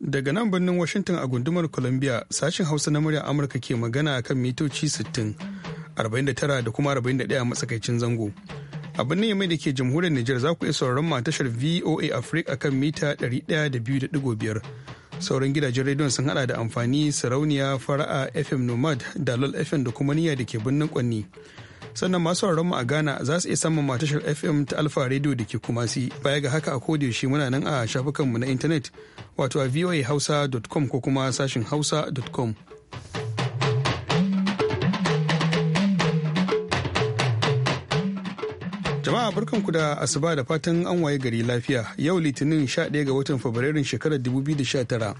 Daga nan birnin Washington a gundumar Columbia sashen Hausa na murya Amurka ke magana kan mitoci 60, 49 da kuma 41 a matsakaicin zango. A birnin mai da ke jamhuriyar Nijar za ku iya sauraron ma tashar VOA Africa kan mita 102.5. Sauran gidajen rediyon sun hada da amfani sarauniya fara'a FM Nomad, Dalol FM da kuma niyya da ke birnin Kwanni. sannan masu mu a Ghana za su iya samun matashar FM ta Alfa Radio da ke Kumasi. Baya ga haka a yaushe muna nan a shafukanmu na intanet wato a voahausa.com ko kuma sashin hausa.com. Jama'a barkanku da asuba da fatan an waye gari lafiya yau litinin 11 ga watan Fabrairun shekarar 2019.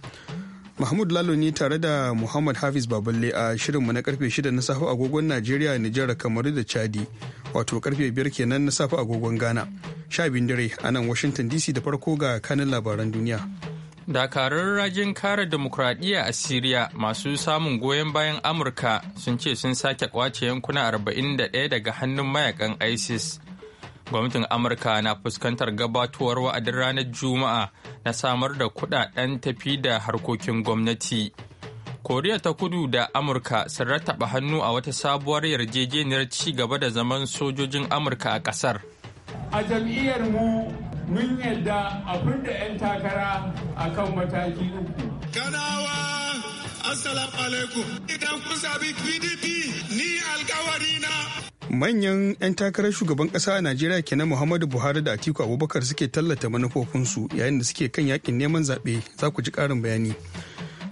Mahmud Lalo ne tare da Muhammad Hafiz Baballe a shirinmu na karfe 6 na safe agogon Najeriya, Nijar, Kamaru da Chadi, wato karfe 5 kenan na safe agogon Ghana. Sha dare a nan Washington DC da farko ga kanin labaran duniya. Dakarun rajin kare demokuraɗiyya a Siriya masu samun goyon bayan Amurka sun ce sun sake kwace yankuna 41 daga hannun mayakan ISIS. gwamnatin amurka na fuskantar gabatuwar wa'adin ranar juma'a na samar da kudaden tafi da harkokin gwamnati koriya ta kudu da amurka sun rattaba hannu a wata sabuwar yarjejeniyar ci gaba da zaman sojojin amurka a kasar a jam'iyyar mu mun yadda abin da 'yan takara a kan mataki uku assalamu alaikum idan kun sabi pdp ni alkawari na manyan 'yan takarar shugaban ƙasa a najeriya kenan muhammadu buhari da atiku abubakar suke tallata manufofinsu yayin da suke kan yakin neman zaɓe za ku ji ƙarin bayani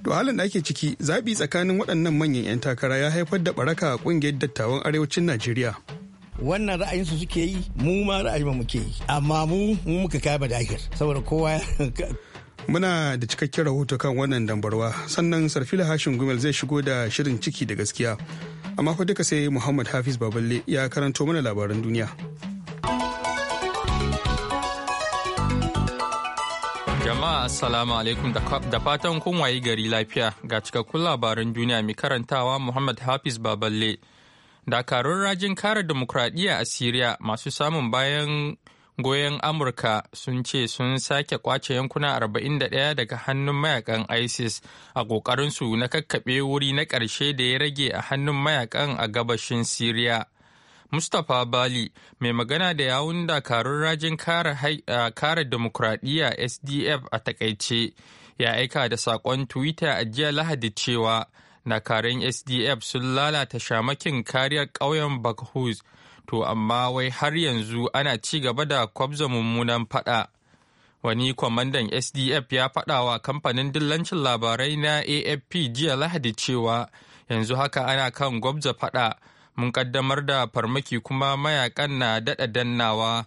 to halin da ake ciki zaɓi tsakanin waɗannan manyan 'yan takara ya haifar da ɓaraka a ƙungiyar dattawan arewacin najeriya wannan ra'ayinsu suke yi mu ma ra'ayin muke yi amma mu mu muka kai ba da saboda kowa muna da cikakken rahoto kan wannan dambarwa sannan sarfila hashin gumel zai shigo da shirin ciki da gaskiya amma fa duka sai muhammad hafiz baballe ya karanto mana labaran duniya jama'a assalamu alaikum da fatan kun wayi gari lafiya ga cikakkun labaran duniya mai karantawa muhammad hafiz baballe dakarun rajin kare demokradiyya a siriya masu samun bayan goyon amurka sun ce sun sake kwace yankuna 41 daga hannun mayakan isis a ƙoƙarinsu na kakkaɓe wuri na ƙarshe da ya rage a hannun mayakan a gabashin siriya mustapha bali mai magana da yawun dakarun rajin kare demokradiyya sdf a takaice ya aika da saƙon twitter a jiya lahadi cewa dakarun sdf sun lalata shamakin kariyar ƙauyen bakhuz to amma wai har yanzu ana ci gaba da kwabza mummunan fada. Wani kwamandan SDF ya faɗa wa kamfanin dillancin labarai na AFP jiya Lahadi cewa yanzu haka ana kan gwabza fada mun kaddamar da farmaki kuma mayakan na daɗa dannawa.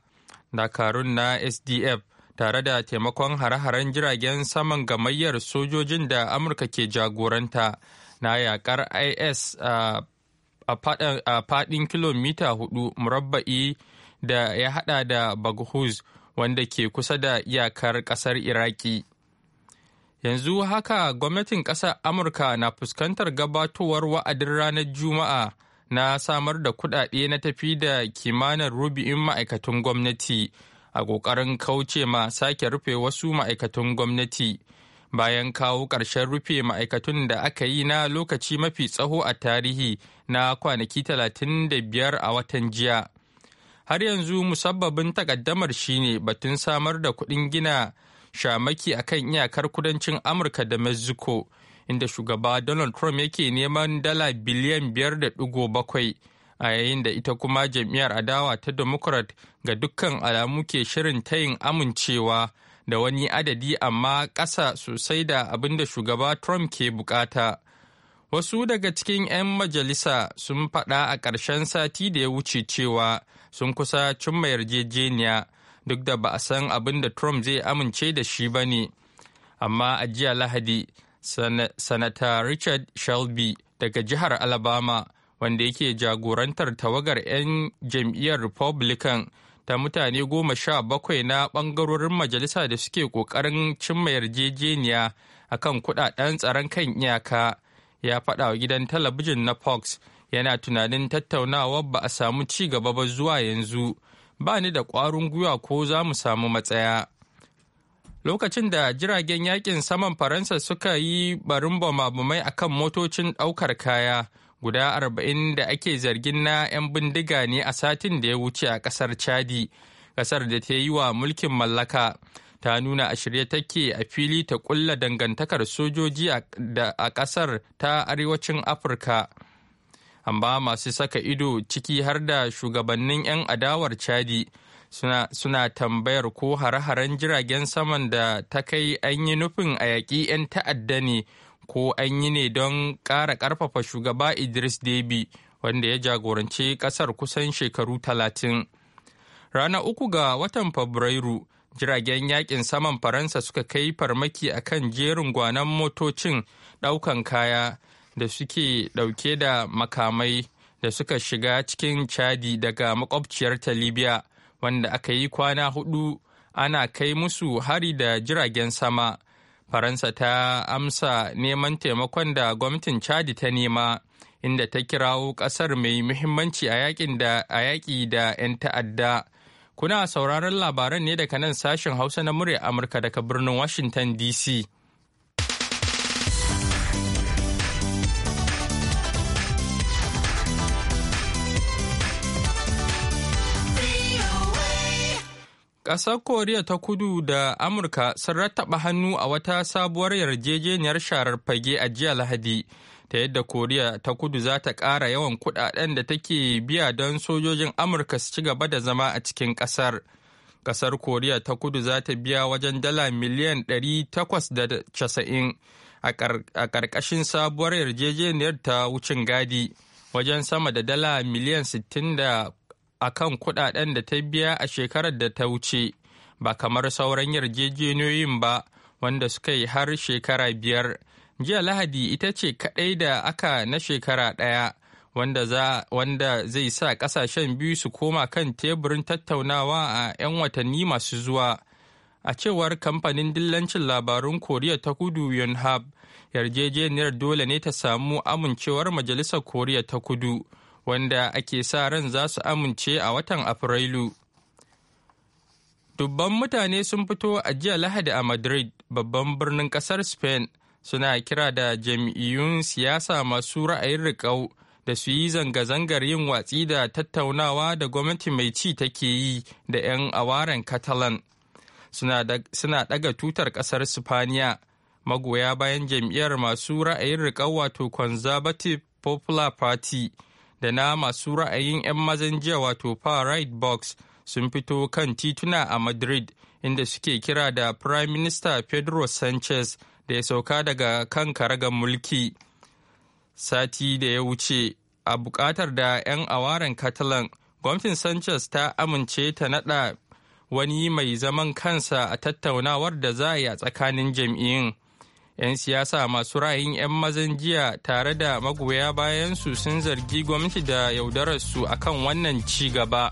Dakarun na SDF tare da taimakon hare-haren jiragen saman gamayyar sojojin da Amurka ke jagoranta na yakar IS a a faɗin kilomita hudu murabba'i da ya hada da baghuz wanda ke kusa da iyakar ƙasar iraki yanzu haka gwamnatin ƙasar amurka na fuskantar gabatowar wa'adin ranar juma'a na samar da kuɗaɗe na tafi da kimanin rubi'in ma'aikatan gwamnati a ƙoƙarin kauce ma sake rufe wasu ma'aikatan gwamnati bayan kawo ƙarshen rufe ma'aikatun da aka yi na lokaci mafi tsaho a tarihi na kwanaki 35 a watan jiya. Har yanzu musabbabin takaddamar shine batun samar da kuɗin gina shamaki a kan iyakar kudancin Amurka da Mexico, inda shugaba Donald Trump yake neman dala biliyan biyar da 5.7 a yayin da ita kuma jam'iyyar adawa ta Democrat ga dukkan alamu ke shirin tayin amincewa. da wani adadi amma ƙasa sosai da abin da shugaba Trump ke bukata. Wasu daga cikin 'yan majalisa sun faɗa a ƙarshen sati da ya wuce cewa sun kusa cimma yarjejeniya duk da ba a san abin da Trump zai amince da shi ba ne. Amma a jiya Lahadi, Sanata Richard Shelby daga jihar Alabama, wanda yake jagorantar tawagar 'yan jam'iyyar Republican, ta mutane goma sha bakwai na bangarorin majalisa da suke ƙoƙarin cimma yarjejeniya a kan kuɗaɗen tsaron kan iyaka ya faɗa wa gidan talabijin na fox yana tunanin tattaunawa ba a samu ci gaba ba zuwa yanzu ba ni da ƙwarin gwiwa ko za mu samu matsaya lokacin da jiragen yakin saman faransa suka yi barin bama-bamai akan motocin ɗaukar kaya guda arba'in da ake zargin na 'yan bindiga ne a satin da ya wuce a kasar chadi kasar da ta yi wa mulkin mallaka ta nuna a shirye take a fili ta kulla dangantakar sojoji a kasar ta arewacin afirka amma masu saka ido ciki har da shugabannin 'yan adawar chadi suna, suna tambayar ko hare-haren jiragen saman da ta kai an yi nufin a yaƙi 'yan ta'adda ne ko an yi ne don ƙara ƙarfafa shugaba idris deby wanda ya jagorance ƙasar kusan shekaru talatin rana uku ga watan fabrairu jiragen yakin saman faransa suka kai farmaki a kan jerin gwanan motocin ɗaukan kaya da suke ɗauke da makamai da suka shiga cikin chadi daga makwabciyar ta libya wanda aka yi kwana hudu ana kai musu hari da jiragen sama Faransa ta amsa neman taimakon da gwamnatin Chadi ta nema, inda ta kirawo ƙasar mai muhimmanci a yaƙi da 'yan ta'adda. Kuna sauraron labaran ne daga nan sashen Hausa na murya Amurka daga birnin Washington DC. Ƙasar Koriya ta kudu da Amurka sun rattaba hannu a wata sabuwar yarjejeniyar sharar fage a jiya Lahadi, ta yadda Koriya ta kudu za ta ƙara yawan kuɗaɗen da take biya don sojojin Amurka su ci gaba da zama a cikin ƙasar. Ƙasar Koriya ta kudu za ta biya wajen dala miliyan 890 a ƙarƙashin sabuwar yarjejeniyar ta wucin gadi. wajen sama da dala miliyan 60 da a kan kuɗaɗen da ta biya a shekarar da ta wuce ba kamar sauran yarjejeniyoyin ba wanda suka yi har shekara biyar jiya lahadi ita ce kaɗai da aka na shekara ɗaya wanda, zai sa ƙasashen biyu su koma kan teburin tattaunawa a 'yan watanni masu zuwa a cewar kamfanin dillancin labarun koriya ta kudu yonhap yarjejeniyar dole ne ta samu amincewar majalisar koriya ta kudu wanda ake sa ran za su amince a watan afrilu dubban mutane sun fito a jiya lahadi a madrid babban birnin kasar spain suna kira da jam'iyyun siyasa masu ra'ayin riƙau da su yi zanga-zangar yin watsi da tattaunawa da gwamnati mai ci take yi da 'yan awaren catalan suna ɗaga tutar kasar spaniya magoya bayan jam'iyyar masu ra'ayin riƙau wato conservative popular party da na masu ra'ayin 'yan mazan jiya wato far right box sun fito kan tituna a madrid inda suke kira da prime minister pedro sanchez da ya sauka daga kan karagar mulki sati da ya wuce a buƙatar da 'yan awaren catalan gwamnatin sanchez ta amince ta nada wani mai zaman kansa a tattaunawar da za a yi a tsakanin jam'iyyun 'yan siyasa masu ra'ayin 'yan mazan jiya tare da magoya bayansu sun zargi gwamnati da yaudararsu akan wannan ci gaba.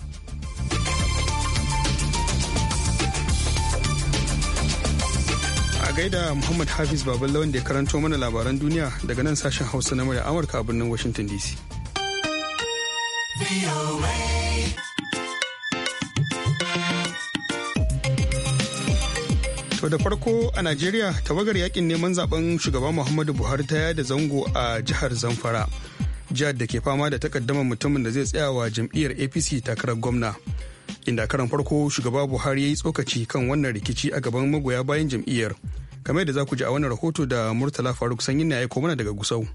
a gaida muhammad hafiz baballawan da ya karanto mana labaran duniya daga nan sashen hausa na murya amurka a birnin washington dc. To da farko a Najeriya tawagar yakin neman zaben shugaba Muhammadu Buhari ta yada zango a jihar Zamfara. Jihar da ke fama da takaddama mutumin da zai tsaya wa jam'iyyar APC takarar gwamna. Inda karan farko shugaba Buhari ya yi tsokaci kan wannan rikici a gaban magoya bayan jam'iyyar. Kamar da za ku ji a wannan rahoto da Murtala Faruk Sanyin na ya mana daga Gusau.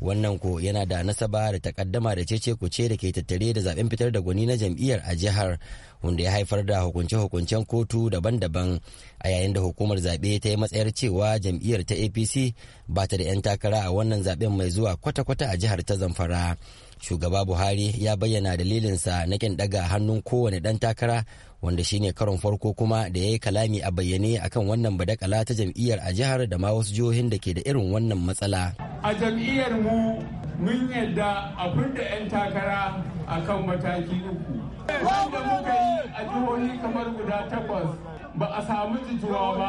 wannan ko yana da nasaba da takaddama da cece kuce da ke tattare da zaben fitar da gwani na jam'iyyar a jihar wanda ya haifar da hukunce-hukuncen kotu daban-daban a yayin da hukumar zaɓe ta yi matsayar cewa jam'iyyar ta apc ba ta da 'yan takara a wannan zaben mai zuwa kwata-kwata a jihar ta zamfara shugaba buhari ya bayyana dalilinsa na kin daga hannun kowane ɗan takara wanda shine karon farko kuma da ya yi kalami a bayyane akan wannan badakala ta jam'iyyar a jihar da ma wasu jihohin da ke da irin wannan matsala. A jam'iyyar mu mun yadda abin da 'yan takara a kan mataki uku. Wanda muka yi a jihohi kamar guda takwas ba a samu jituwa ba.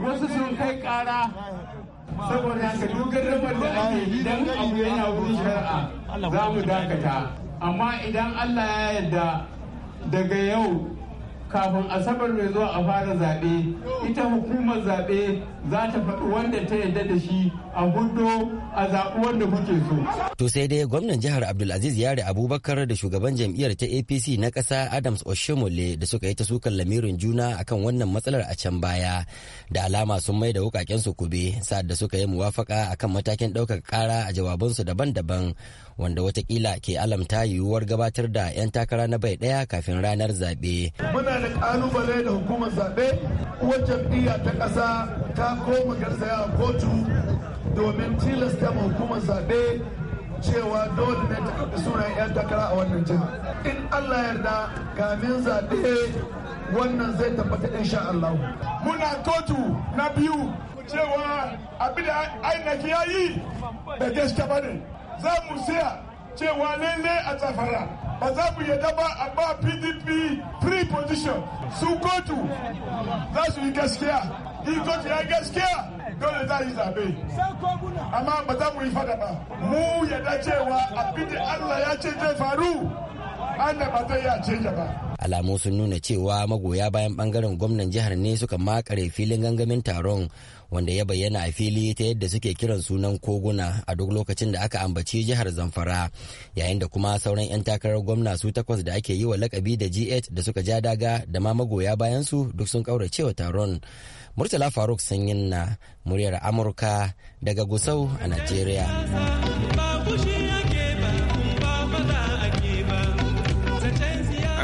Wasu sun kai kara saboda haka duk rabar da ake don abu yana wurin shari'a za mu dakata. Amma idan Allah ya yarda daga yau kafin asabar mai zuwa a fara zaɓe ita hukumar zaɓe za ta faɗi wanda ta yarda da shi a hudu a zaɓi wanda kuke so. To sai dai gwamnan jihar Abdulaziz Yare Abubakar da shugaban jam'iyyar ta APC na ƙasa Adams Oshimole da suka yi ta sukan lamirin juna akan wannan matsalar a can baya da alama sun mai da wukaken su kube sa'ad da suka yi muwafaka akan matakin ɗaukar ƙara a jawabansu daban-daban wanda watakila ke alamta yiwuwar gabatar da 'yan takara na bai ɗaya kafin ranar zaɓe. Muna da kalubale da hukumar zaɓe uwar jam'iyya ta ƙasa ta koma garzaya kotu domin tilasta ma hukumar zaɓe cewa dole ne ta karɓi sunayen 'yan takara a wannan jiha in allah yarda gamin zaɓe wannan zai tabbata insha allah muna kotu na biyu cewa abin da ainihin ya yi da gaske ne za mu siya cewa ne a tsafara ba za mu yadda ba a ba pdp free position su kotu za su yi gaskiya in kotu ya gaskiya dole za yi zabe amma ba za mu yi fada ba mu yadda cewa abin da allah ya ce zai faru an da ba zai ya ce ba alamu sun nuna cewa magoya bayan bangaren gwamnan jihar ne suka makare filin gangamin taron wanda ya bayyana a fili ta yadda suke kiran sunan koguna a duk lokacin da aka ambaci jihar zamfara yayin da kuma sauran 'yan takarar gwamna su takwas da ake yi wa lakabi da g8 da suka ja daga da ma magoya bayan su duk sun wa taron murtala faruk sanyin na muryar amurka daga gusau a najeriya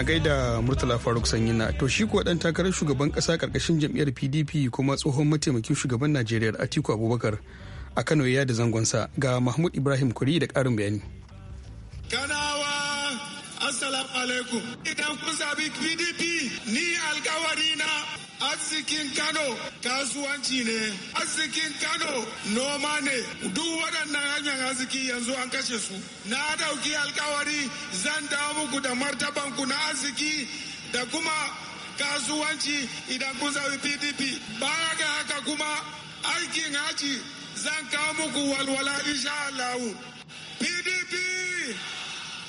gaida Murtala Faruk Sanyina to shi kuwa dan takarar shugaban kasa karkashin jam'iyyar PDP kuma tsohon mataimakin shugaban Najeriya Atiku Abubakar a Kano ya da sa ga Mahmud Ibrahim Kuri da karin bayani. Kanawa Assalamu alaikum idan kun zabi PDP ni alkawari na arzikin Kano kasuwanci ne arzikin Kano noma ne duk waɗannan hanyar arziki yanzu an kashe su na dauki alkawari zan dawo ku da martaban ku na arziki da kuma kasuwanci idan kun zaɓi pdp baya ga haka kuma aikin haji zan kawo muku walwala insha allahu pdp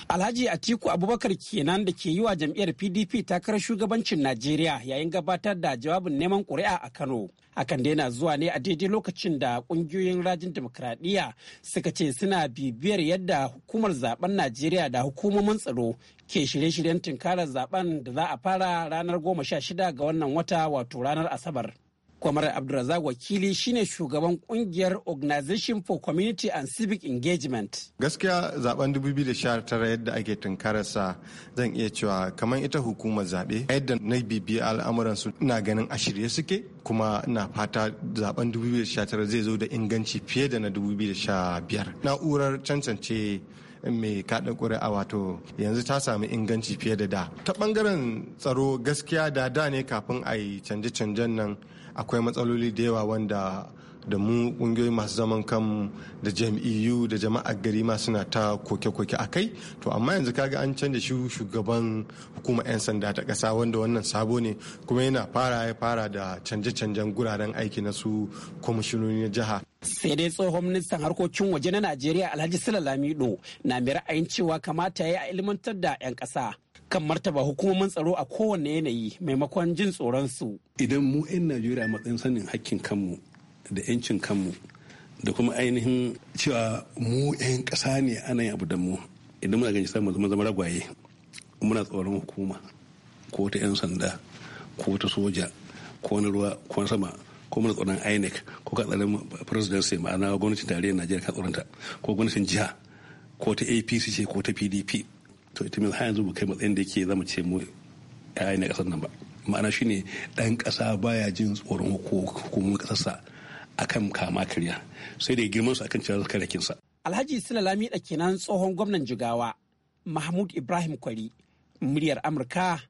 Alhaji Atiku Abubakar kenan da ke yi wa jam'iyyar PDP takarar shugabancin Najeriya yayin gabatar da jawabin neman ƙuri'a a Kano. Hakan da yana zuwa ne a daidai lokacin da ƙungiyoyin rajin demokradiyya suka ce suna bibiyar yadda hukumar zaben Najeriya da hukumomin tsaro ke shirye-shiryen tunkarar zaben da za a fara ranar goma sha shida ga wannan wata wato ranar Asabar. Kwamar Abdulrazak Wakili shine shugaban kungiyar Organization for Community and Civic Engagement. Gaskiya zaben 2019 yadda ake tunkararsa zan iya cewa kamar ita hukumar zaɓe yadda na bibiya al'amuransu na ganin a shirye suke kuma na fata zaben 2019 zai zo da inganci fiye da na 2015. Na'urar cancance mai ƙuri ƙuri'a wato yanzu ta sami inganci fiye da da ta ɓangaren tsaro gaskiya da da ne kafin a yi canje-canjen nan akwai matsaloli da yawa wanda da mu kungiyoyi masu zaman kan da jam'iyyu da jama'ar gari ma suna ta koke-koke a kai to amma yanzu kaga an canza shi shugaban hukumar 'yan sanda ta kasa wanda wannan sabo ne kuma yana fara ya fara da canje-canjen guraren aiki na su kwamishinoni na jiha sai dai tsohon ministan harkokin waje na najeriya alhaji sula lamido na mai ra'ayin cewa kamata ya yi a ilmantar da 'yan ƙasa kan martaba hukumomin tsaro a kowane yanayi maimakon jin tsoron su. Idan mu 'yan Najeriya matsayin sanin hakkin kanmu da 'yancin kanmu da kuma ainihin cewa mu 'yan ƙasa ne ana yin abu da mu idan muna ganin samun zama zama ragwaye muna tsoron hukuma ko ta 'yan sanda ko ta soja ko na ruwa ko na sama ko muna tsoron inec ko ka tsaron presidency ma'ana gwamnatin tarayyar najeriya ka tsoronta ko gwamnatin jiha ko ta apc ce ko ta pdp to ita mil hanyar zuba kai matsayin da yake zama ce mu yayi na kasar nan ba ma'ana shine ɗan kasa baya jin tsoron hukumomin kasarsa akan kama karya sai da girman su akan zaka karakin sa Alhaji Silalami da kenan tsohon gwamnan Jigawa Mahmud Ibrahim Kwari muryar Amurka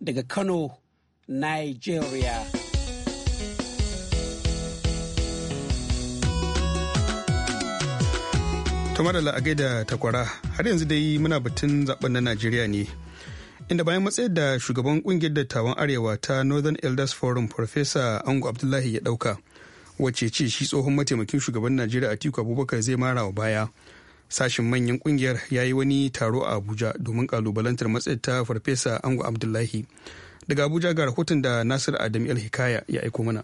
daga Kano Nigeria Tumar da da takwara har yanzu dai muna batun zaben na Najeriya ne. Inda bayan matsayar da shugaban kungiyar dattawan Arewa ta Northern Elders Forum Farfesa Ango Abdullahi ya dauka wacce ce shi tsohon mataimakin shugaban Najeriya Atiku Abubakar zai mara wa baya. Sashin manyan kungiyar ya yi wani taro a Abuja domin kalubalantar matsayar ta Farfesa Ango Abdullahi. Daga Abuja ga rahoton da Nasir Adam El Hikaya ya aiko mana.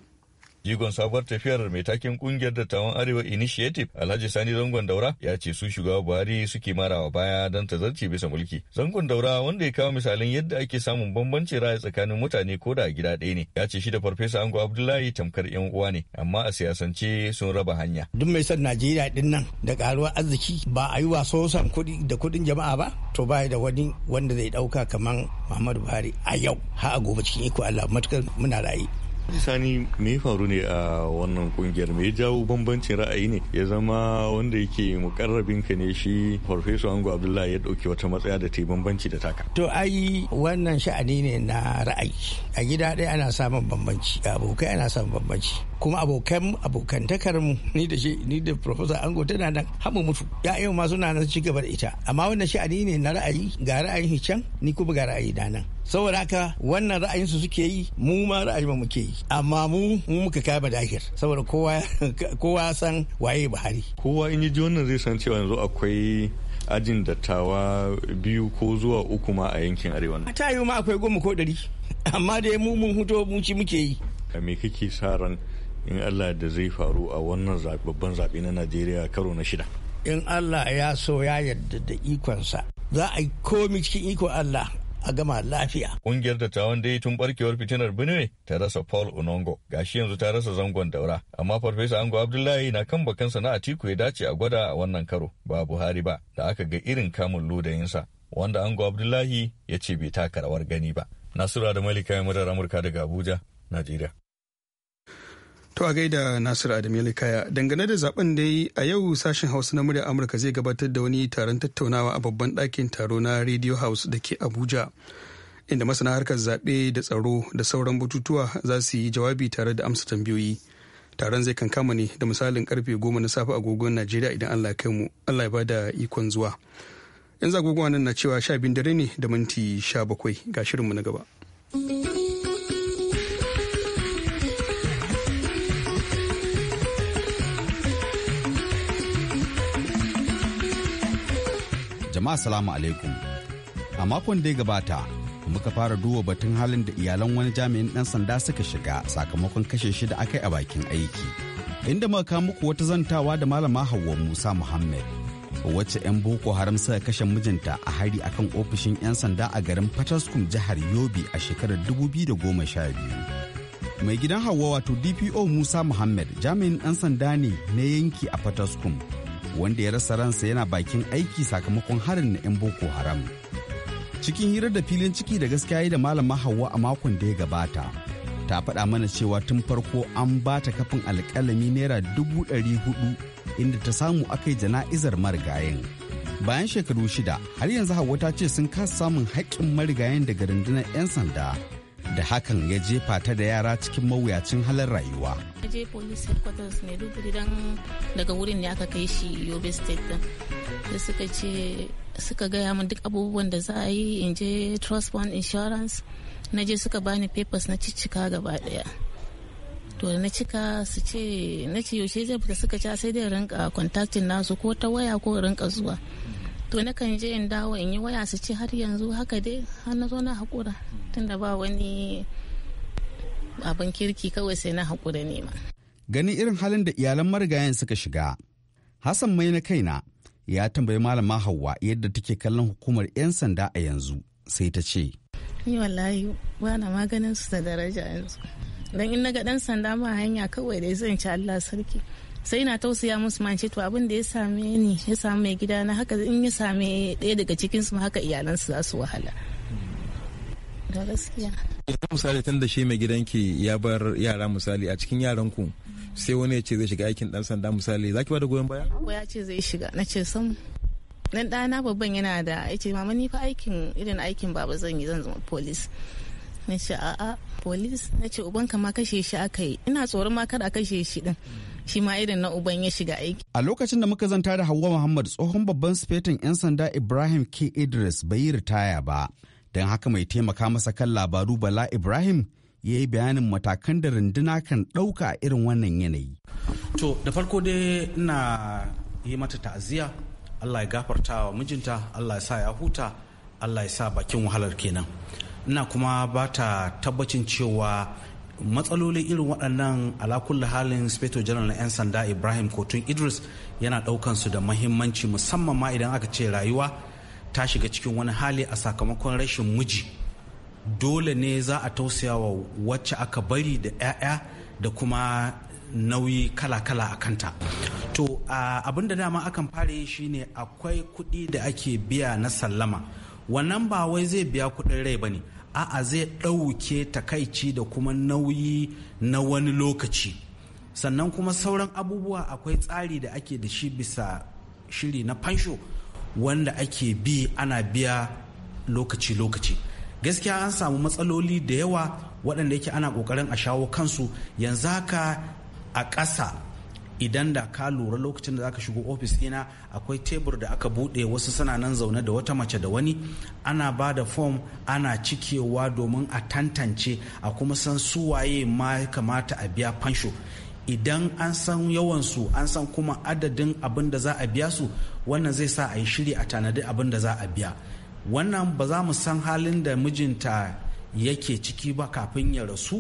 Jigon sabuwar tafiyar mai taken kungiyar dattawan Arewa Initiative Alhaji Sani Zangon Daura ya ce su shugaba Buhari suke marawa baya don ta zarce bisa mulki. Zangon Daura wanda ya kawo misalin yadda ake samun bambanci raya tsakanin mutane ko da gida ɗaya ne. Ya ce shi da Farfesa Ango Abdullahi tamkar yan uwa ne amma a siyasance sun raba hanya. Duk mai son Najeriya din nan da karuwar arziki ba a yi wa san kuɗi da kuɗin jama'a ba to ba da wani wanda zai ɗauka kamar Muhammadu Buhari a yau har a gobe cikin iko Allah matukar muna ra'ayi sani me faru ne a wannan kungiyar me ya jawo bambancin ra'ayi ne ya zama wanda yake mukarrabin ka ne shi farfesa ango abdullahi ya dauki wata matsaya da ta bambanci da taka to ai wannan sha'ani ne na ra'ayi a gida ɗaya ana samun bambanci abokai ana samun bambanci kuma abokan abokantakar mu ni da shi ni da professor ango tana nan hamu mutu ya yau ma suna nan ci gaba da ita amma wannan sha'ani ne na ra'ayi ga ra'ayin can ni kuma ga ra'ayi da nan saboda haka wannan ra'ayin su suke yi mu ma ra'ayin mu ke yi amma mu mu muka kai badahir saboda kowa kowa san waye Buhari kowa in ji wannan zai san cewa yanzu akwai ajin dattawa biyu ko zuwa uku ma a yankin arewa a ta ma akwai goma ko ɗari amma da mu mun huto mu ci muke yi me kake sa ran in Allah da zai faru a wannan babban zaɓe na Najeriya karo na shida. In Allah ya so ya yarda da ikonsa za a yi komi cikin iko Allah a gama lafiya. Kungiyar ya yi tun barkewar fitinar Benue ta rasa Paul Onongo, gashi yanzu ta rasa zangon daura amma Farfesa Ango Abdullahi na kan bakan na Atiku ya dace a gwada a wannan karo ba Buhari ba da aka ga irin kamun ludayinsa wanda Ango Abdullahi ya ce bai taka rawar gani ba. Nasura da Malika ya Amurka daga Abuja, Najeriya. To a gaida Nasiru Adamu kaya dangane da zaben da yi a yau sashen Hausa na murya Amurka zai gabatar da wani taron tattaunawa a babban ɗakin taro na Radio House da ke Abuja. Inda masana harkar zaɓe da tsaro da sauran bututuwa za su yi jawabi tare da amsa tambayoyi. Taron zai kankama ne da misalin karfe goma na safe agogon Najeriya idan Allah kai mu Allah ya bada ikon zuwa. Yanzu agogon nan na cewa sha bin dare ne da minti sha bakwai ga shirinmu na gaba. Jama'a salamu alaikum. A makon da ya gabata, muka fara duba batun halin da iyalan wani jami'in ɗan sanda suka shiga sakamakon kashe shi da aka yi a bakin aiki. Inda muka kawo muku wata zantawa da malama Hauwa Musa Muhammad. Wacce 'yan Boko Haram suka kashe mijinta a hari akan ofishin 'yan sanda a garin Fataskum jihar Yobe a shekarar da goma sha biyu. mai gidan hawa wato dpo musa muhammad jami'in ɗan sanda ne na yanki a fataskum wanda ya rasa ransa yana bakin aiki sakamakon harin na 'yan boko haram cikin hirar da filin ciki da gaskiya da malama hawa a makon da ya gabata ta faɗa mana cewa tun farko an ba ta kafin alƙalami naira dubu ɗari hudu inda ta samu aka yi jana'izar marigayen bayan shekaru shida har yanzu Hauwa ta ce sun kasa samun haƙƙin marigayen daga rundunar 'yan sanda da hakan ya jefa ta da yara cikin mawuyacin halar rayuwa. Ya je police headquarters ne duburi dan daga wurin ne aka kai shi Yobe State din. Da suka ce suka gaya min duk abubuwan da za a yi in je Trust Fund Insurance na je suka bani papers na ciccika gaba daya. to na cika su ce na ce yaushe zai fita suka ca sai dai rinka contacting nasu ko ta waya ko rinka zuwa to na kan je in dawo in yi waya su ce har yanzu haka dai har na zo na haƙura tunda ba wani abin kirki kawai sai na haƙura ne ma. Gani irin halin da iyalan marigayen suka shiga. Hassan mai na kaina ya tambayi malama hawa yadda take kallon hukumar 'yan sanda a yanzu sai ta ce. Ni wallahi ba na maganin su da daraja yanzu. Dan in na ga ɗan sanda ma hanya kawai dai zan ci Allah sarki. sai na tausaya musu mace to abin da ya same ni ya samu mai gida na haka in ya same ɗaya daga cikin su haka su za su wahala da gaskiya yanzu misali tun da shi mai gidanki ya bar yara misali a cikin yaran ku sai wani ya ce zai shiga aikin dan sanda misali za ki bada goyon baya ko ya ce zai shiga na ce sam dan ɗana babban yana da ya ce mama ni fa aikin irin aikin baba zan yi zan zama police na ce a'a police na ce uban ma kashe shi aka yi ina tsoron ma kada a kashe shi din shi ma irin na uban ya shiga aiki. A lokacin da muka zanta da Hauwa Muhammad tsohon babban sifetin 'yan sanda Ibrahim K. Idris bai yi ritaya ba. Don haka mai taimaka masa kan labaru Bala Ibrahim ya yi bayanin matakan da runduna kan ɗauka a irin wannan yanayi. To da farko dai ina yi mata ta'aziyya Allah ya gafarta wa mijinta Allah ya sa ya huta Allah ya sa bakin wahalar kenan. Ina kuma ba ta tabbacin cewa matsaloli irin waɗannan alakulla halin speto general na 'yan sanda ibrahim kotun idris yana ɗaukan su da mahimmanci musamman ma idan aka ce rayuwa ta shiga cikin wani hali a sakamakon rashin miji dole ne za a tausaya wa wacce aka bari da 'ya'ya da kuma nauyi kala-kala a kanta to abin da dama akan fara yi shine akwai kuɗi da ake biya na sallama wannan ba wai zai biya kuɗin rai ba ne a'a zai ɗauke takaici da kuma nauyi na wani lokaci sannan kuma sauran abubuwa akwai tsari da ake da shi bisa shiri na fansho wanda ake bi ana biya lokaci-lokaci gaskiya an samu matsaloli da yawa waɗanda yake ana ƙoƙarin a shawo kansu yanzu haka a ƙasa idan da ka lura lokacin da zaka shigo ofis ina akwai tebur da aka bude wasu suna nan zaune da wata mace da wani ana ba da fom ana cikewa domin a tantance a kuma san su waye ma kamata a biya fansho idan an san su an san kuma adadin abin da za a biya su wannan zai sa a yi shiri a tanadi abin da za a biya wannan ba za mu san halin da mijinta yake ciki ba kafin ya rasu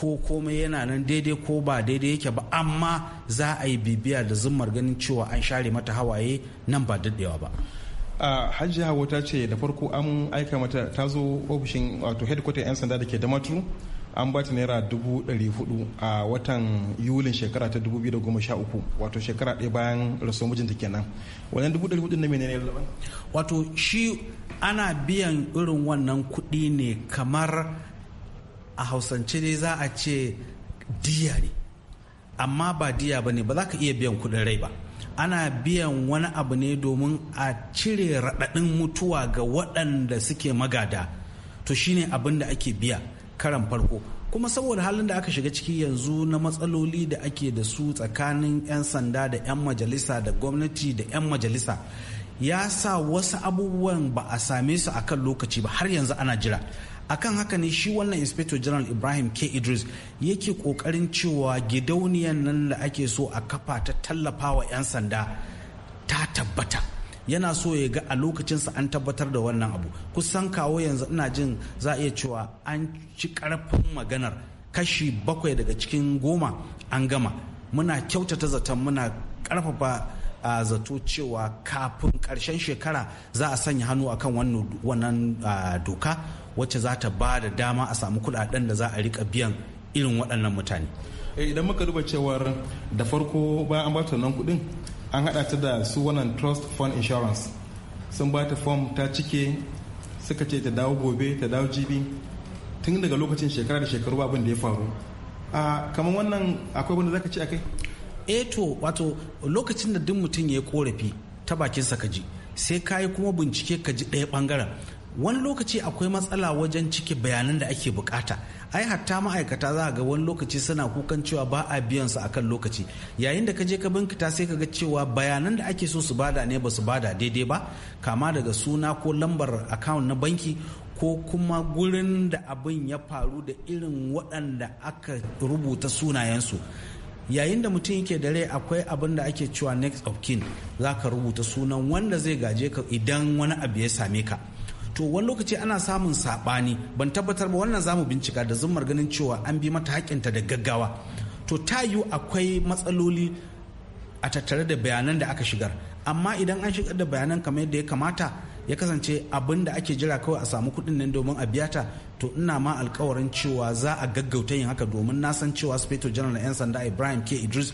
ko komai yana nan daidai ko ba daidai yake ba amma za a yi bibiya da zummar ganin cewa an share mata hawaye nan ba daddewa ba a hajji hawa ta ce da farko an aika mata ta zo ofishin wato headquarter 'yan sanda da ke da matu an bata naira dubu ɗari hudu a watan yulin shekara ta dubu biyu da goma sha uku wato shekara ɗaya bayan rasu mijinta kenan wannan dubu ɗari hudu na menene laban wato shi ana biyan irin wannan kuɗi ne kamar a hausance ne za a ce diya ne amma ba diya ba ne ba za ka iya biyan kuɗin rai ba ana biyan wani abu ne domin a cire raɗaɗin mutuwa ga waɗanda suke magada to shine abin da ake biya karan farko kuma saboda halin da aka shiga ciki yanzu na matsaloli da ake da su tsakanin 'yan sanda da 'yan majalisa da gwamnati da 'yan majalisa ya sa wasu abubuwan ba a same su a kan lokaci ba har yanzu ana jira akan haka ne shi wannan inspector general ibrahim k idris yake kokarin cewa gidauniyan nan da ake so a kafa ta tallafawa 'yan sanda ta tabbata yana so ya ga a lokacinsa an tabbatar da wannan abu kusan kawo yanzu ina jin za a iya cewa an ci karfin maganar kashi bakwai daga cikin goma an gama muna kyautata zaton muna karfafa a zato cewa kafin karshen shekara za a sanya hannu akan wannan doka wacce za ta ba da dama a samu kudaden da za a rika biyan irin waɗannan mutane eh, idan muka duba cewar da farko bayan an ba ta nan kudin an haɗa ta da su wannan trust fund insurance sun ba ta form ta cike suka ce ta dawo gobe ta dawo jibi tun daga lokacin shekara da shekaru abin da ya faru a kamar wannan akwai wanda zaka ce akai eh to wato lokacin da duk mutum ya korafi ta bakin sa ji sai yi kuma bincike ka ji ɗaya bangaren wani lokaci akwai matsala wajen cike bayanan da ake bukata ai hatta ma'aikata za ga wani lokaci suna kukan cewa ba a biyan su akan lokaci yayin da ka je ka binkita sai ka ga cewa bayanan da ake so su bada ne ba su bada daidai ba kama daga suna ko lambar account na banki ko kuma gurin da abin ya faru da irin waɗanda aka rubuta sunayensu yayin da mutum yake da rai akwai abin da ake cewa next of kin za ka rubuta sunan wanda zai gaje ka idan wani abu ya same ka to wani lokaci ana samun saɓani ban tabbatar ba wannan zamu bincika da zummar ganin cewa an bi mata hakinta da gaggawa to ta yiwu akwai matsaloli a tattare da bayanan da aka shigar amma idan an shigar da bayanan kamar yadda ya kamata ya kasance abin da ake jira kawai a samu kuɗin nan domin a biya ta to ina ma alkawarin cewa za a gaggauta yin haka domin na san cewa speto general 'yan sanda ibrahim k idris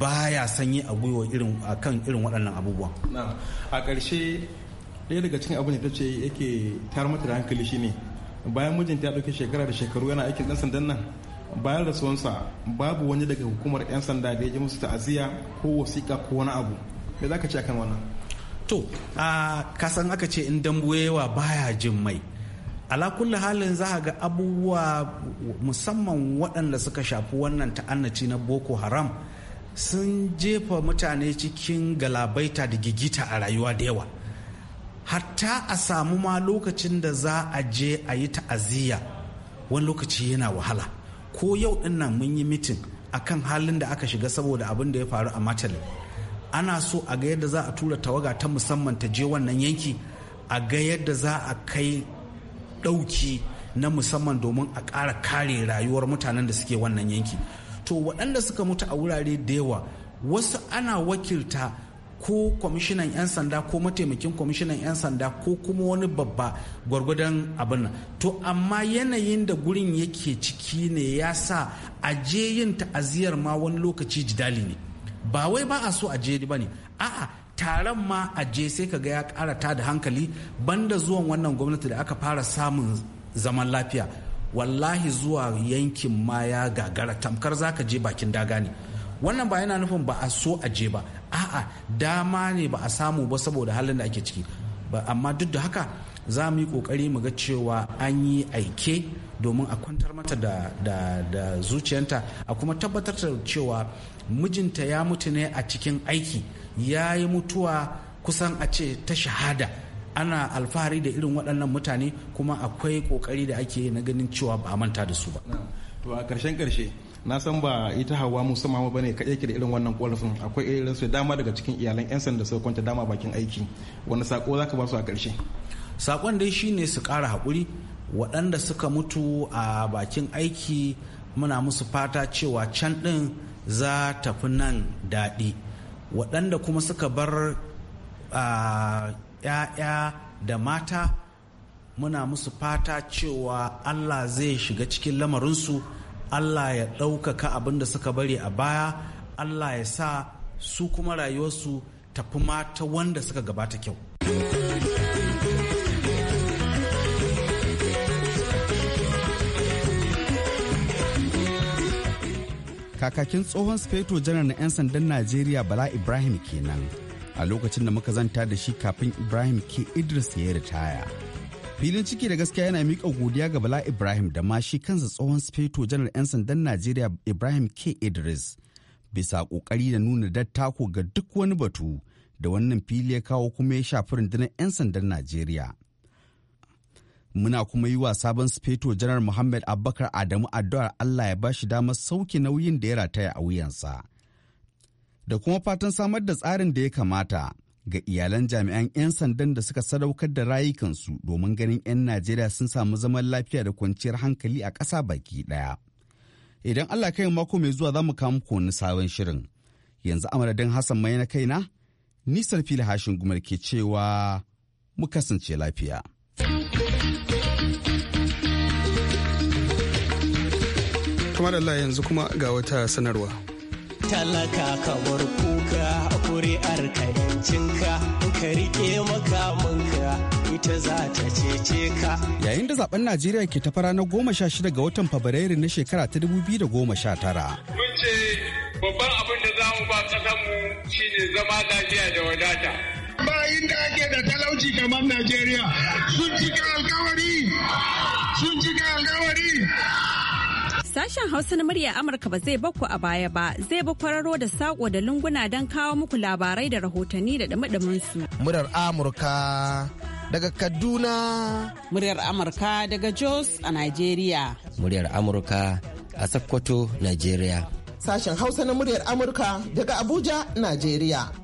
baya sanyi a gwiwa irin kan irin waɗannan abubuwan a ƙarshe ɗaya daga cikin abin da ta ce yake tayar mata da hankali shine bayan mijinta ya ɗauki shekara da shekaru yana aikin ɗan sandan nan bayan rasuwansa babu wani daga hukumar 'yan sanda da ya ji musu ta'aziyya ko wasiƙa ko wani abu me za ka ce akan wannan to a kasan aka ce in dambu yawa baya jin mai ala kulli halin za ga abubuwa musamman waɗanda suka shafi wannan ta'annaci na boko haram sun jefa mutane cikin galabaita da gigita a rayuwa da yawa hatta a samu ma lokacin da za a je a yi ta'aziyya wani lokaci yana wahala ko yau din nan mun yi mitin a kan halin da aka shiga saboda abin da ya faru a matali ana so a ga yadda za a tura tawaga ta musamman ta je wannan yanki a ga yadda za a kai ɗauki na musamman domin a ƙara kare rayuwar mutanen da suke wannan yanki to waɗanda suka mutu a wurare da yawa wasu ana wakilta ko kwamishinan 'yan sanda ko mataimakin kwamishinan 'yan sanda ko kuma wani babba gwargwadon abin nan. to amma yanayin da gurin yake ciki ne ya sa aje yin ta'aziyar ma wani lokaci jidali ne ba wai ba a so aje ba ne a'a taron ma a je sai ka ga ya ta da hankali banda zuwan wannan gwamnati da aka fara samun zaman lafiya wallahi zuwa yankin ma ya gagara tamkar zaka je bakin daga ne wannan ba yana nufin ba a so aje ba a'a dama ne ba a samu ba saboda halin da ake ciki ba amma duk da haka za mu yi kokari mu ga cewa an yi aike domin a kwantar mata da, da, da zuciyanta a kuma tabbatar da cewa mijinta ya mutu ne a cikin aiki ya yi mutuwa kusan a ce ta shahada ana alfahari da irin waɗannan mutane kuma akwai ƙoƙari da ake na ganin cewa ba a manta da su ba to a ƙarshen ƙarshe na san ba ita hawa musa mama bane ka ke da irin wannan ƙorafin akwai irin su dama daga cikin iyalan 'yan sanda suka kwanta dama bakin aiki wani sako za ka ba su a karshe. sakon dai shine su kara hakuri waɗanda suka mutu a bakin aiki muna musu fata cewa can ɗin za ta fi nan daɗi waɗanda kuma suka bar ‘ya'ya da mata muna musu fata cewa allah zai shiga cikin lamarinsu allah ya ɗaukaka abin da suka bari a baya allah ya sa su kuma rayuwarsu tafi mata wanda suka gabata kyau kakakin tsohon speto janar na 'yan sandan najeriya bala ibrahim kenan a lokacin da muka zanta da shi kafin ibrahim ke idris ya ritaya filin ciki da gaskiya yana miƙa godiya ga bala ibrahim da ma shi kansa tsohon sufeto janar 'yan sandan najeriya ibrahim k idris bisa ƙoƙari da nuna dattako ga duk wani batu da wannan fili ya kawo kuma ya shafi rundunar 'yan sandan najeriya muna kuma yi wa sabon sufeto janar muhammad abubakar adamu addu'ar allah ya shi damar sauke nauyin da ya rataya a wuyansa da kuma fatan samar da tsarin da ya kamata ga iyalan jami'an 'yan sandan da suka sadaukar da rayukansu domin ganin 'yan Najeriya sun samu zaman lafiya da kwanciyar hankali a ƙasa baki ɗaya. Idan Allah kai mako mai zuwa za mu kawo muku wani sabon shirin. Yanzu amadadin Hassan mai na kaina, nisar fili hashin gumar ke cewa mu kasance lafiya. Kamar Allah yanzu kuma ga wata sanarwa. talaka ka bar kuka kuri'ar ka yancinka ka rike makamanka ita za ta cece ka. Yayin da zaben Najeriya ke tafara na goma sha shida ga watan Fabrairu na shekara ta dubu biyu da goma sha tara. Mun ce babban abin da za mu ba kasan shi shine zama lafiya da wadata. Bayin da ake da talauci kamar Najeriya sun cika alkawari. Sashen Hausa na murya Amurka ba zai bakku a baya ba, zai ba kwararo da sako da lunguna don kawo muku labarai da rahotanni da dumi Muryar Amurka daga Kaduna. Muryar Amurka daga Jos a Najeriya. Muryar Amurka a Sokoto, Najeriya. Sashen Hausa na muryar Amurka daga Abuja, Najeriya.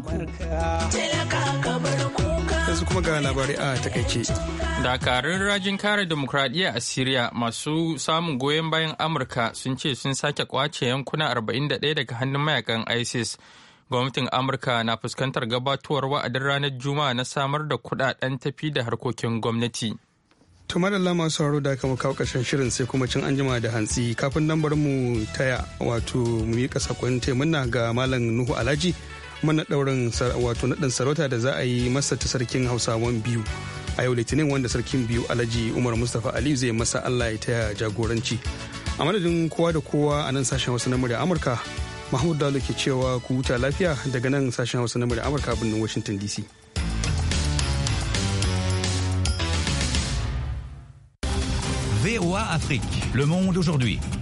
ku. Yanzu labarai a takaice. Dakarun rajin kare demokradiyya a Siriya masu samun goyon bayan Amurka sun ce sun sake kwace yankuna 41 daga hannun mayakan ISIS. Gwamnatin Amurka na fuskantar gabatowar wa'adin ranar Juma'a na samar da kudaden tafi da harkokin gwamnati. tumar Allah masu sauraro da aka kawo karshen shirin sai kuma cin anjima da hantsi kafin nan bar mu taya wato mu yi sakon muna ga malam nuhu alhaji mana ɗaurin wato naɗin sarauta da za a yi masa ta sarkin hausawan biyu a yau litinin wanda sarkin biyu alhaji umar mustapha aliyu zai masa allah ya taya jagoranci a madadin kowa da kowa a nan sashen wasu na murya amurka mahmud dalo ke cewa ku huta lafiya daga nan sashen hausa na murya amurka birnin washington dc VOA Afrique, le monde aujourd'hui.